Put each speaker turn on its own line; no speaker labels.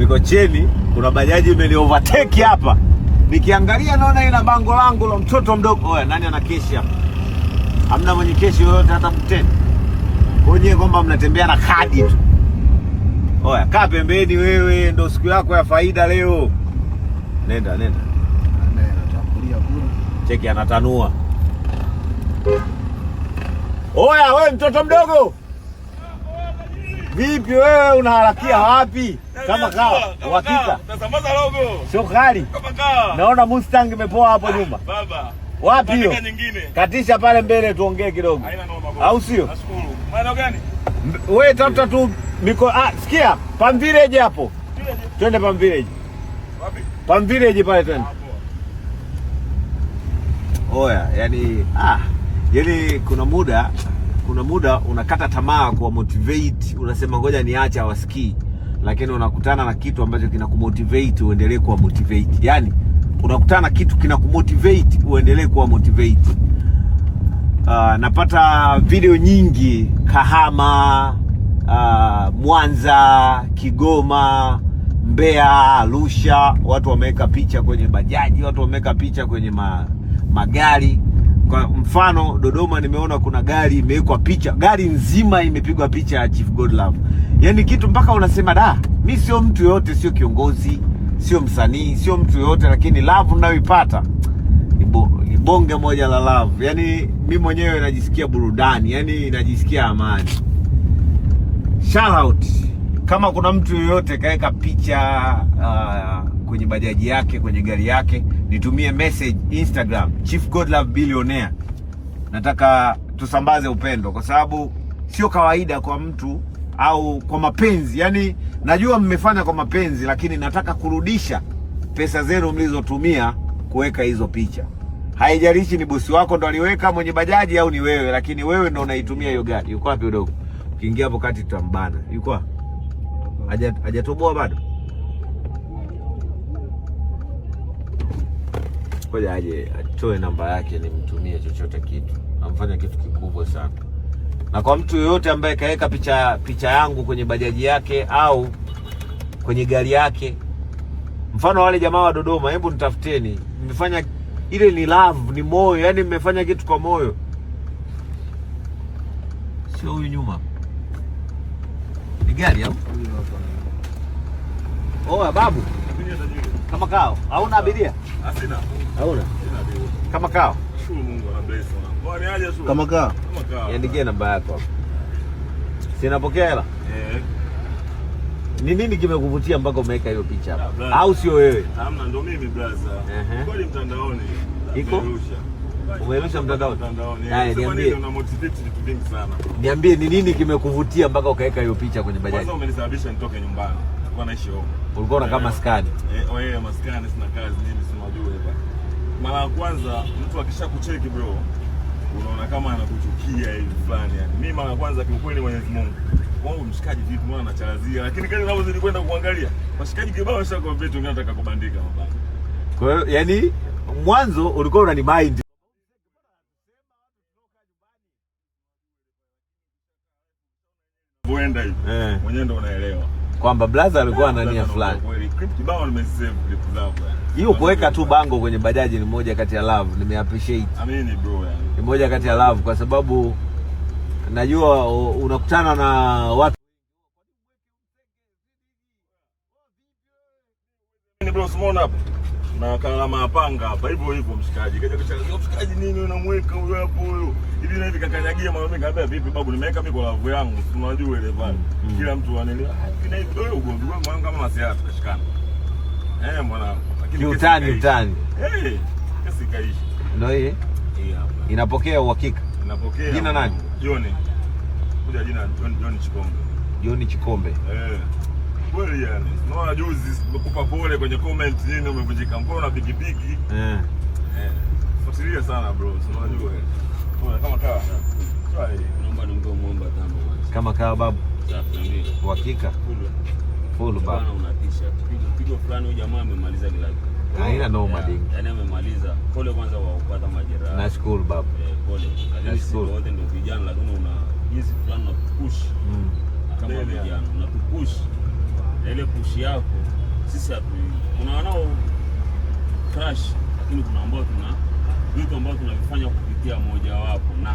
Mikocheni kuna bajaji imeni overtake hapa, nikiangalia naona ina bango langu la mtoto mdogo. Oya, nani ana keshi hapa? Hamna mwenye keshi yoyote hata mteni kwenye kwamba mnatembea na kadi tu. Oya, kaa pembeni wewe, ndo siku yako ya faida leo. Nenda nenda, cheki anatanua. Oya we mtoto mdogo Vipi wewe unaharakia ah, wapi? Eh, kama eh, kawa eh, uhakika sio kali. Naona Mustang imepoa hapo ah, nyuma. Baba. Wapi hiyo?
Katisha pale mbele tuongee kidogo,
au sio? Wewe tafuta tu miko. Ah, sikia Palm Village hapo, twende Palm Village. Wapi? Palm Village pale twende. Ah, Oya, yani ah, yani kuna muda kuna muda unakata tamaa kwa motivate, unasema ngoja niache hawasikii, lakini unakutana na kitu ambacho kinakumotivate uendelee kuwa motivate. Yani unakutana na kitu kinakumotivate uendelee kuwa motivate. Uh, napata video nyingi Kahama, uh, Mwanza, Kigoma, Mbeya, Arusha, watu wameweka picha kwenye bajaji, watu wameweka picha kwenye ma, magari kwa mfano Dodoma, nimeona kuna gari imewekwa picha, gari nzima imepigwa picha ya Chief Godlove, yaani kitu mpaka unasema da, mi sio mtu yoyote, sio kiongozi, sio msanii, sio mtu yoyote, lakini love ninayoipata ni bonge moja la love. Yaani mi mwenyewe najisikia burudani, yaani najisikia amani. Shout out kama kuna mtu yoyote kaweka picha uh, kwenye bajaji yake kwenye gari yake, nitumie message Instagram Chief Godlove Billionaire. Nataka tusambaze upendo, kwa sababu sio kawaida kwa mtu au kwa mapenzi. Yani najua mmefanya kwa mapenzi, lakini nataka kurudisha pesa zenu mlizotumia kuweka hizo picha. Haijalishi ni bosi wako ndo aliweka, mwenye bajaji au ni wewe, lakini wewe ndo unaitumia hiyo gari. Yuko wapi udogo? Ukiingia hapo kati tutambana. Yuko wapi? hajatoboa bado, koja aje atoe namba yake nimtumie chochote kitu. Amfanya kitu kikubwa sana, na kwa mtu yoyote ambaye kaweka picha picha yangu kwenye bajaji yake au kwenye gari yake, mfano wale jamaa wa Dodoma, hebu nitafuteni. Mmefanya ile ni love, ni moyo, yani mmefanya kitu kwa moyo, sio huyu nyuma ni gari au Oh, babu. Kama kao. Hauna abiria? Hasina. Hauna? Kama kao.
Shukuru Mungu anabless sana. Bwana ni aje shukuru. Kama kao. Kama kao.
Niandikie namba yako. Sinapokea hela? Eh. Ni nini kimekuvutia mpaka umeweka hiyo picha hapa? Au sio wewe?
Hamna, ndo mimi brother. Eh. Kwani mtandaoni.
Iko? Umeelusha mtandaoni?
Haya, niambie. Una motivate vitu vingi sana.
Niambie ni nini kimekuvutia mpaka ukaweka hiyo picha kwenye bajaji?
Kwanza umenisababisha nitoke nyumbani tulikuwa naishi huko.
Ulikuwa na kama maskani?
Eh, wewe eh, oh, maskani sina kazi mimi sina jua hapa. Mara ya kwanza mtu kucheki bro, unaona kama anakuchukia hivi fulani yani. Mimi mara ya kwanza kiukweli Mwenyezi Mungu. Wao mshikaji vipi mwana anachalazia? Lakini kile ninavyozidi kwenda kuangalia, mshikaji kibao washakuwa vitu ngine nataka kubandika mabaka.
Kwa hiyo yani mwanzo ulikuwa unani mind
kuenda hivi. Eh. Mwenyewe ndio unaelewa
kwamba blaza alikuwa na nia fulani. Hiyo kuweka tu bango kwenye bajaji ni moja kati ya love, appreciate.
Amini bro yani.
Ni moja kati ya love kwa sababu najua unakutana na watu
bro, na kalama mapanga hapa hivyo hivyo, mshikaji kaja kuchanga mshikaji, nini unamweka huyo hapo huyo hivi na hivi, kakanyagia mama. Mimi kaambia vipi babu, nimeweka mimi kwa lavu yangu, unajua ile pale, mm. kila mtu anaelewa ah, hivi na hivi. Wewe ugomvi wewe mwanangu, kama masiara tukashikana, eh mwana,
lakini utani utani,
eh kesi kaishi,
ndio hii eh, inapokea uhakika, inapokea. Jina nani?
John, kuja jina John Chikombe,
John Chikombe,
eh kweli yani. Naona juzi nimekupa pole kwenye comment nini, umevunjika mkono na pikipiki. Eh. Eh. Fuatilia sana bro, unajua. Unaona kama kaa.
Naomba nimpe muomba tano.
Kama kaa babu. Safi. Uhakika. Full babu.
Unatisha. Pigo pigo fulani huyu jamaa amemaliza kila kitu.
Haina noma eh, dingi.
Yaani amemaliza. Pole kwanza kwa kupata majeraha.
Nashukuru babu. Eh, pole. Nashukuru.
Wote ndio vijana lakini una jinsi fulani na kupush. Mm. Kama vijana na kupush ile push yako, sisi hatu kuna wanao crash, lakini kuna ambao tuna vitu ambao tunavifanya kupitia wapo na